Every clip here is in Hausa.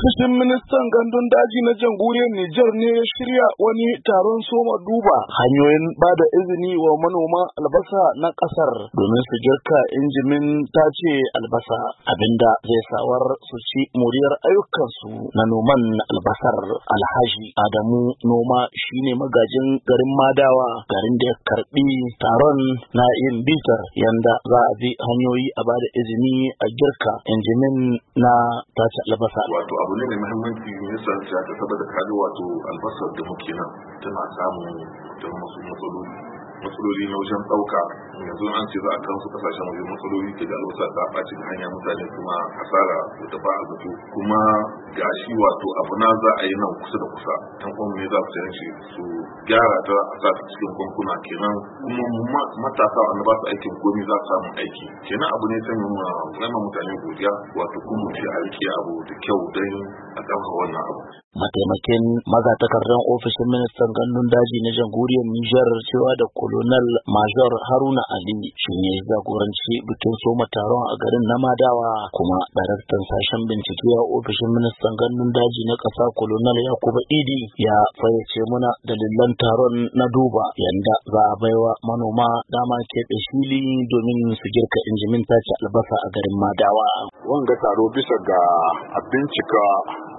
Ofishin ministan gandun daji na jamhuriyar Nijar ne ya shirya wani taron soma duba hanyoyin ba da izini wa manoma albasa na kasar domin su girka injimin tace albasa abinda zai sawar su ci muriyar ayyukansu na noman albasar alhaji Adamu noma shine magajin garin Madawa garin da ya karbi taron na yin bitar yanda za a bi hanyoyi a ba da izini a girka injimin na tace albasa. abu ne mai muhimmanci ne yasa ta saboda kaji wato albasar da muke nan tana samun mutum masu matsaloli matsaloli na wajen ɗauka yanzu an ce za a kansu kasashen wajen matsaloli ke da alwasa ta da hanya mutane kuma asara da ba a zato kuma ga shi wato abu na za a yi nan kusa da kusa ɗan kwan ne za su sayan shi su gyara ta a sa ta cikin bankuna kenan kuma matasa wanda ba su aikin komi za su samu aiki kenan abu ne sanya ma mutane godiya wato kuma shi a rike abu da kyau don a ɗauka wannan abu mataimakin magatakardar ofishin ministan gandun daji na jamhuriyar Nijar cewa da kolonel major Haruna Ali shi ne jagoranci bikin soma taron a garin na Madawa kuma daraktan sashen bincike a ofishin ministan gandun daji na ƙasa kolonel Yakuba Idi ya fayyace muna dalilan taron na duba yanda za a baiwa manoma dama keɓe shili domin su girka injimin tace albasa a garin Madawa. Wanga taro bisa ga a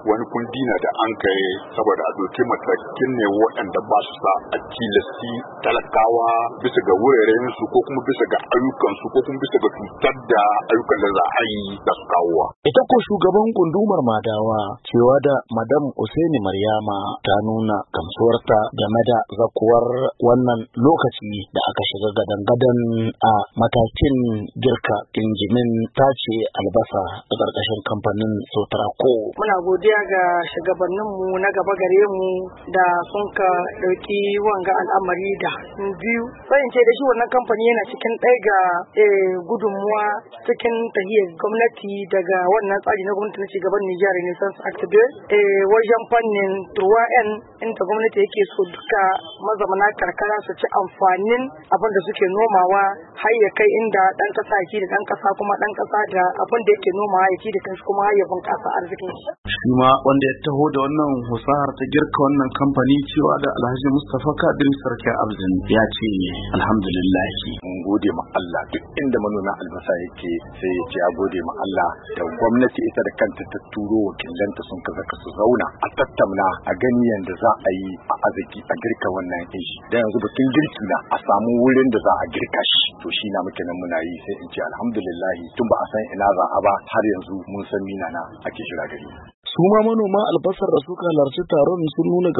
wani kundina da an kai saboda a doki matakin ne waɗanda ba su sa a tilasti talakawa bisa ga wuraren su ko kuma bisa ga ayyukan su ko kuma bisa ga cutar da ayyukan da za a yi da su kawowa. Ita ko shugaban gundumar Madawa cewa da Madam Usaini Maryama ta nuna gamsuwarta game da zakuwar wannan lokaci da aka shiga gadan-gadan a matakin girka injimin tace albasa a ƙarƙashin kamfanin Sotrako. Muna godiya ga shugaban mu na gaba gare mu da sun ka ɗauki wanga al'amari da biyu bayan ce da shi wannan kamfani yana cikin ɗaya ga eh, gudunmuwa cikin tahiyar gwamnati daga wannan tsari na gwamnati na shugaban Nijar Renaissance Act eh, wajen fannin turwa n inda gwamnati yake so duka mazamana karkara su ci amfanin abin da suke nomawa har ya kai inda ɗan kasa yake da dan kasa kuma dan kasa da abin da yake noma yake da kanshi kuma ya bunƙasa arzikin shi shi ma wanda ya taho da wannan husahar ta girka wannan kamfani cewa da Alhaji Mustapha Kadir Sarki Abzin ya ce alhamdulillah mun gode ma Allah duk inda manoma albasa yake sai ya ce a gode ma Allah da gwamnati ita da kanta ta turo wakilanta sun kaza ka su zauna a tattauna a gani yadda za a yi a arziki a girka wannan inji da yanzu batun girki na a samu wurin da za a girka shi to shi na muke nan muna yi sai in ce alhamdulillah tun ba a san ina za a ba har yanzu mun san mina na ake shira gari su ma manoma albasar da suka halarci taron sun nuna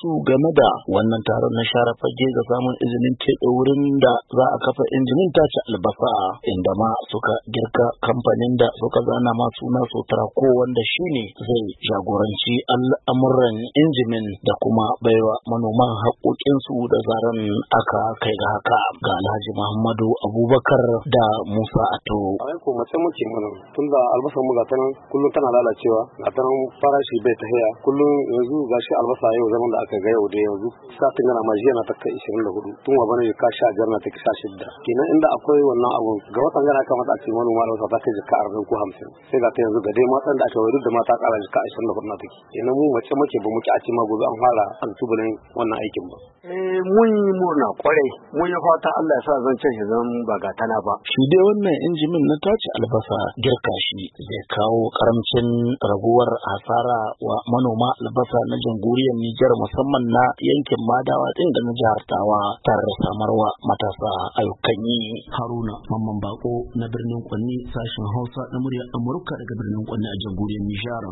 su game da wannan taron na share fage ga samun izinin keɓe wurin da za a kafa injinin tace albasa inda ma suka girka kamfanin da suka zana ma suna ko wanda shine zai jagoranci al'amuran injimin da kuma baiwa manoman haƙoƙinsu da zaran aka kai ga haka ga alhaji muhammadu abubakar da musa ato. yanku mace mace mana tun da albasar mu ga kullum tana lalacewa ga farashi bai ta haya kullum yanzu gashi albasa yau zaman da aka ga yau da yanzu satin yana ma jiya na ta kai 24 tun wabana ya kashi a jarna ta kisa shidda kenan inda akwai wannan abu ga watan gara kamata a ce manoma da wasa ta kai jika 40 ko 50 sai ga ta yanzu ga dai matan da aka wadu da mata kara jika 24 na take kenan mu mace mace ba muke a ce ma gobe an fara an tubulin wannan aikin ba eh, mun yi murna kwarai mun yi fata Allah ya sa zancen shi zan ba tana ba shi dai wannan injimin na tace albasa girka shi zai kawo karamcin raguwar asara wa manoma albasa na jamhuriyar Nijar musamman na yankin Madawa ɗin da na jihar Tawa tare samar samarwa matasa ayyukan yi. Haruna Mamman Bako na birnin Kwanni sashen Hausa na muryar Amurka daga birnin Kwanni a jamhuriyar Nijar.